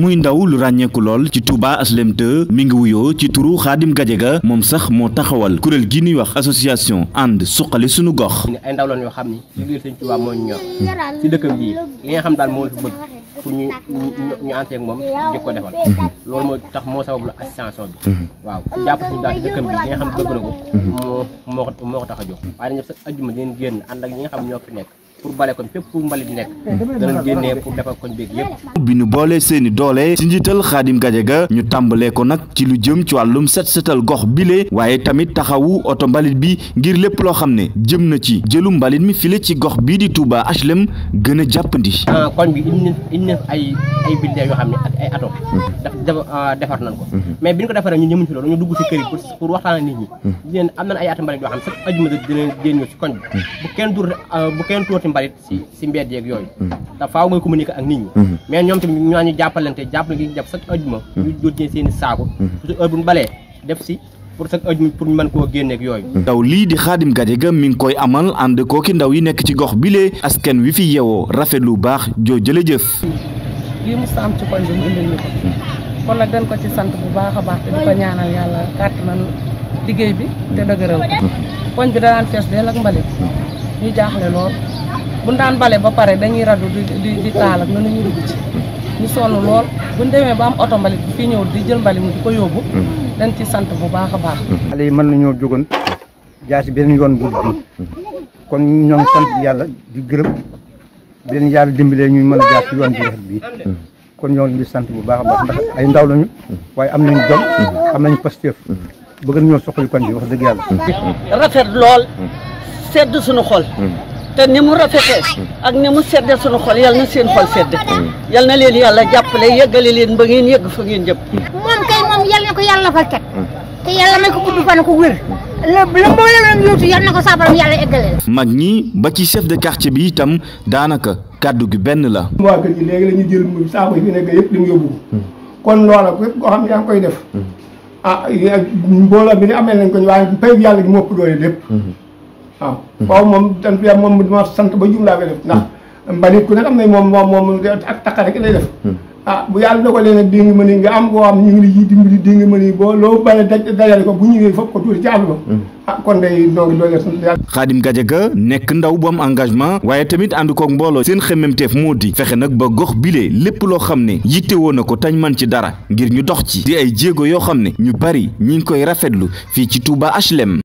muy ndaw lu ràññeeku lool ci Touba HLM 2 mi ngi wuyoo ci turu Xaadim ga moom sax moo taxawal kuréel gi nuy wax association ànd suqali sunu gox. ay ndaw yoo xam ni liggéey sëñ Touba moo ñu ci dëkkam bii li nga xam daal moo la fi bëgg pour ñu ñu moom di ko defal. Mhm. loolu moo tax moo sabab la association bi. Mhm. waaw jàpp suñu daal ci dëkkam bi li nga xam bëgg na ko. Mhm. moo moo ko tax a jóg waaye nag ñëpp sax ajjuma dinañ génn ànd ak ñi nga xam ñoo fi nekk. pour bale koñ fépp pour mbalit nekk danañ génnee pour defar bi ñu boolee seeni doole ci njiital Xaadim Gajaga ñu tàmbalee ko nag ci lu jëm ci wàllum set setal gox bile waaye tamit taxawu oto mbalit bi ngir lépp loo xam ne jëm na ci jëlu mbalit mi file ci gox bii di Touba HLM gën a jàppandi ah, koñ bi im ne ay ay bildee yoo xam ne ak ay ato mhm. da ah, defar nañ ko mhm. mais bi ko ñu ñëmuñ dugg si kër mhm. pour waxtaan ak nit ñi di leen am nañ yoo ci koñ bi bu kenn tuur ah, bu kenn tuur mbalit si si mbedd yeeg yooyu mm-hmm. te faaw ngay communiquer ak nit ñi mm-hmm. mais ñoom tamit ñu ñu jàppalante jàpp na ngi jàpp sax ajuma mm-hmm. ñu jotee seen i saako su heure bu pour sax ajuma pour ñu koo génneeg yooyu ndaw lii di Khadim Gadiaga mi ngi koy amal ànd kooki ndaw yi nekk ci gox bilee askan wi fi yeewoo rafet lu baax joo jëlëjëf lii mu saam ci koñ bi mu indil ñu ko kon nag dañ ko ci sant bu baax a baax te di ko ñaanal yàlla kàttanal liggéey bi te dëgëral koñ bi danaan buñ daan bale ba pare dañuy radu di di di taal ak nanu ñu dugg ñu sonn lool buñ ba am oto mbalit fii ñëw di jël mbalit mi di yóbbu mm-hmm. dañ sant bu baax a baax mm-hmm. xale yi mën nañoo jógoon jaar si beneen yoon bu bi mm-hmm. kon ñoom sant yàlla di gërëm beneen yàlla dimbalee ñuy mën a jaar si yoon bi rafet bii kon ñoom sant bu baax a baax ndax ay ndaw lañu waaye am nañ jom nañ pasteef bëgg nañoo soxali kon bi wax dëgg yàlla rafet lool sedd suñu xol te ni mu rafetee ak ni mu sedde suñu xol yal na seen xol sedde yal na leen yàlla jàppale yëggale leen ba ngeen yëgg fa ngeen jëm moom kay moom yal na ko yàlla fa teg te yàlla may ko gudd fan ko wér la mbooleem yàlla eggalee mag ñi ba ci chef de quartier bi itam daanaka kàddu gi benn la waa kër léegi la ñu jël saako yi fi nekk yëpp di kon loola képp koo xam ne yaa koy def ah bi ni amee nañ ko waaye pay yàlla gi moo ëpp doole lépp waaw mm-hmm. waaw moom sant yàlla moom ma sant ba jumlaa koy def ndax mm-hmm. mbalit ku ne xam moom moom moom ak taqa rek lay def mm-hmm. ah, bu yàlla dogalee nag dégg nga mën nga am koo nga mën boo loo bale dajale ko bu ñëwee fopp ko tuuti ci àll ba ah kon day doog doole sant yàlla Khadim nekk ndaw bu am engagement waaye tamit ànd koog mbooloo seen xemmemteef moo di fexe nag ba gox bile lépp loo xam ne woon na ko tañ man ci dara ngir ñu dox ci di ay jéego yoo xam ne ñu bari ñi ngi koy rafetlu fii ci Touba HLM